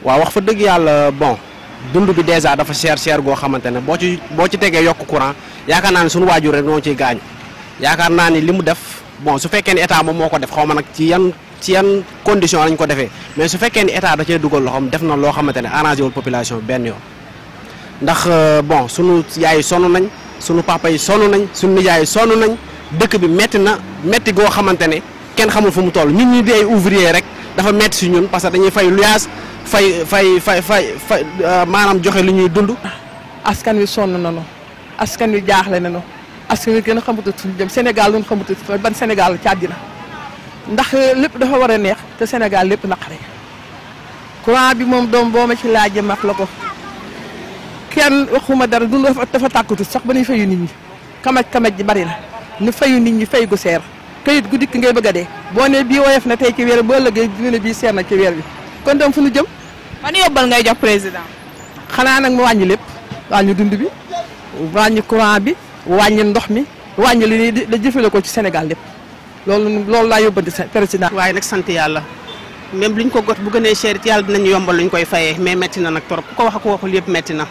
waaw wax fa dëgg yàlla bon dund bi dèjà dafa cher cher goo xamante ne boo ci boo ci tegee yokk courant yaakaar naa ne suñu waajur rek noo ci gaañu yaakaar naa ni li mu def bon su fekkee ne état moom moo ko def xaw ma nag ci yan ci yan condition lañ ko defee mais su fekkee ne état da cee dugal loxoom def na loo xamante ne arrangé wul population benn yoon ndax euh, bon sunu yaay sonn nañ sunu papa yi sonn nañ sunu nijaay yi sonn nañ dëkk bi metti na metti goo xamante ne kenn xamul fu mu toll ñun ñu dee ouvrier rek dafa metti si ñun parce que dañuy fay luyaas fay fay fay fay fay euh, maanaam joxe li ñuy dund. askan wi sonn nañu askan wi jaaxle nañu askan wi gën a xamutat fu ñu jëm Sénégal lu ñu xamutat ban Sénégal ci àddina ndax euh, lépp dafa war a neex te Sénégal lépp naqare courant bi moom doom boo ma ci laajee mag la ko. kenn waxuma dara dund dafa tàkkatu sax ba nuy fayu nit ñi kamaj kamaj ji bari na nu fayu nit ñi fay gu seer kayit gu dikk ngay bëgg a dee boo ne bii woyof na tey ci weer bi boo ëllëgee bii seer na ci weer bi kon dem fu nu jëm. man yóbbal ngay jox président. xanaa nag mu wàññi lépp wàññi dund bi wàññi courant bi wàññi ndox mi wàññi li ñuy la jëfale ko ci Sénégal lépp loolu loolu laa yóbbante président. waaye nag sant yàlla même luñ ko got bu gënee cher it yàlla dinañ yombal luñ koy fayee mais métti na nag trop ku ko wax ko waxul na.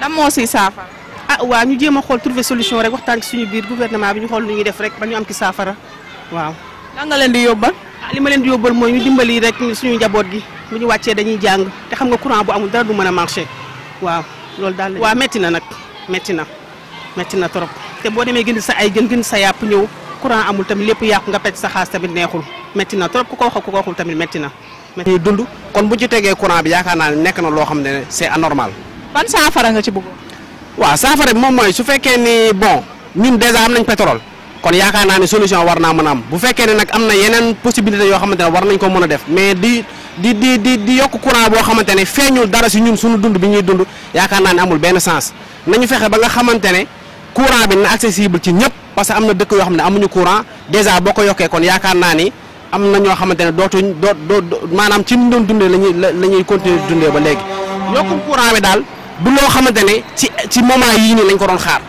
lan moo siy saafara. ah waaw ñu jéem a xool trouver solution rek waxtaan ci suñu biir gouvernement bi ñu xool lu ñuy def rek ba ñu am ci saafara waaw. lan nga leen di yóbbal. ah li ma leen di yóbbal mooy ñu dimbali rek suñu njaboot gi bu ñu wàccee dañuy jàng te xam nga courant bu amul dara du mën a marché waaw loolu daal waaw metti na nag metti na metti na trop te boo demee gën sa ay gën gën sa yàpp ñëw courant amul tamit lépp yàqu nga pecc sa xaas tamit neexul metti na trop ku ko wax ku ko waxul tamit metti na. ñuy dund kon bu ci tegee courant bi yaakaar naa ne nekk na loo xam ne c'est anormal. ban saafara nga ci bëggoon. waaw saafara bi moom mooy su fekkee ni bon ñun dèjà am nañ pétrole kon yaakaar naa ne solution war naa mën a am bu fekkee ne nag am na yeneen possibilité yoo xamante ne war nañ ko mën a def di di di di di yokk courant boo xamante ne feeñul dara si ñun suñu dund bi ñuy dund yaakaar naa amul benn sens nañu fexe ba nga xamante ne courant bi na accessible ci ñëpp parce que am na dëkk yoo xam ne amuñu courant dèjà boo ko yokkee yaakaar naa ni am na ñoo xamante ne dootuñ doo doo maanaam ci ñu doon dundee la ñuy la ñuy continuer dundee ba léegi yokkum courant bi daal. du loo xamante ne ci ci moment yii nii lañ ko doon xaar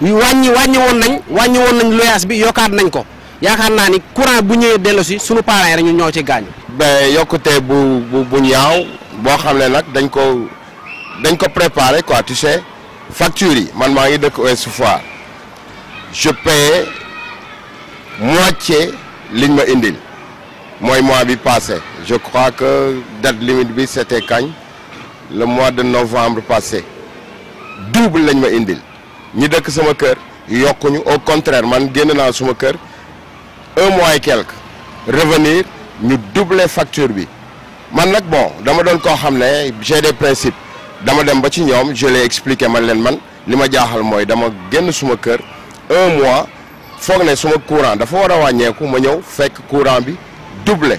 wàññi wàññi woon nañ wàññi woon nañ loyaas bi yokkaat nañ ko yaakaar naa ni courant bu ñëwee dellu si sunu parents yi rek ñu ñoo ci gaañu. ba yokkute bu bu bu boo xam ne nag dañ ko dañ ko préparé quoi tu sais facture yi man maa ngi dëkk Ouest Foire je paye moitié liñ ma indil mooy mois bi passé je crois que date limite bi c'était kañ. le mois de novembre passé double lañ ma indil Ni dëkk sama kër yokkuñu au contraire man génn dans suma cœur, un mois et quelque revenir ñu doubler facture bi man nag bon dama don ko xamné j'ai des principes dama dem ba ci ñom, je l'ai expliqué man len man Lima jaaxal moy dama genn suma cœur un mois foog ne suma courant dafa war a wàññeeku ma ñew fekk courant bi doublé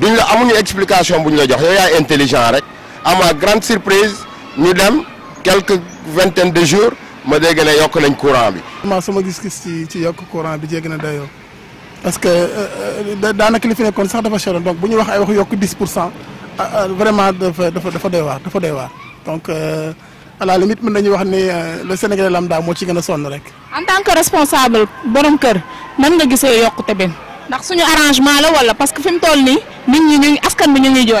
duñ la amuñu explication buñ la jox yow ya intelligent rek à ma grande surprise nous quelques vingtaines de jours ma dégg ne yokk le courant Je courant parce que euh, euh, dans on sax dafa donc si 10 euh, vraiment il faut donc à la limite on avons wax le Sénégal lambda en tant que responsable borom kër nan nga arrangement parce que toll nit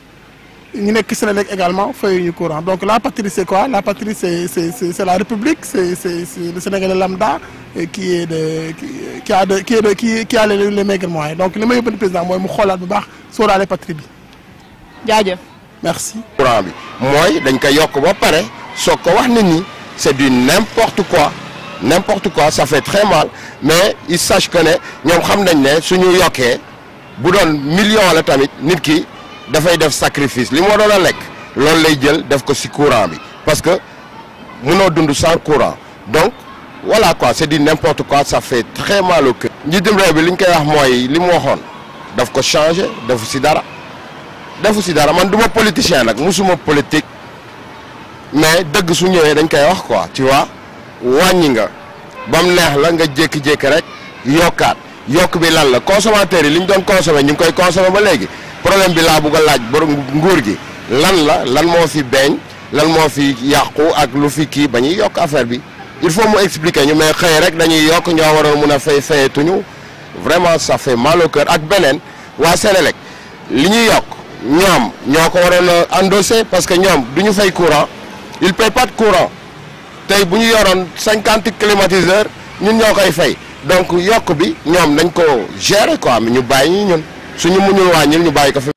Nous sommes également du courant donc la patrie c'est quoi la patrie c'est la République c'est le Sénégalais lambda euh, qui de qui a qui a les les moyens donc le président moi, mu patrie merci. Moi, je suis c'est du n'importe quoi n'importe quoi ça fait très mal mais il sache que nous, ñoom xam nañ ne suñu la tamit nit fay def sacrifice li mu waroon a lekk lay jël def ko ci courant bi parce que mëno dund sans courant donc voilà quoi c'est dit n'importe quoi ça fait très mal au cœur. njiitum rew bi liñ koy wax moy li mu waxoon daf ko changer daf ci dara daf ci dara man duma politicien nak musuma politique mais deug su ñëwé dañ koy wax quoi tu vois wàññi nga bam neex la nga jek jek rek yokkat yok bi lan la consommateur yi liñ doon consommer ñu koy consommer ba légui problème bi la bugg a laaj borom nguur gi lan la lan mo fi beñ lan mo fi yaqku ak lu fi ki ba yok affaire bi il faut mu expliquer ñu may xey rek dañuy yok ño waroon mëna fay fay fayetuñu vraiment ça fait mal au cœur ak benen wa Sénélec li ñuy yokk ñoom ñoo ko waroon a endossé parce que ñom duñu fay courant il paye pas de courant tay buñu yoron 50 climatiseur ñun ñoo koy fay donc yok bi ñom dañ ko gérer quoi ñu bàyyi ñun. suñu muñul wàññil ñu bàyyi ko fi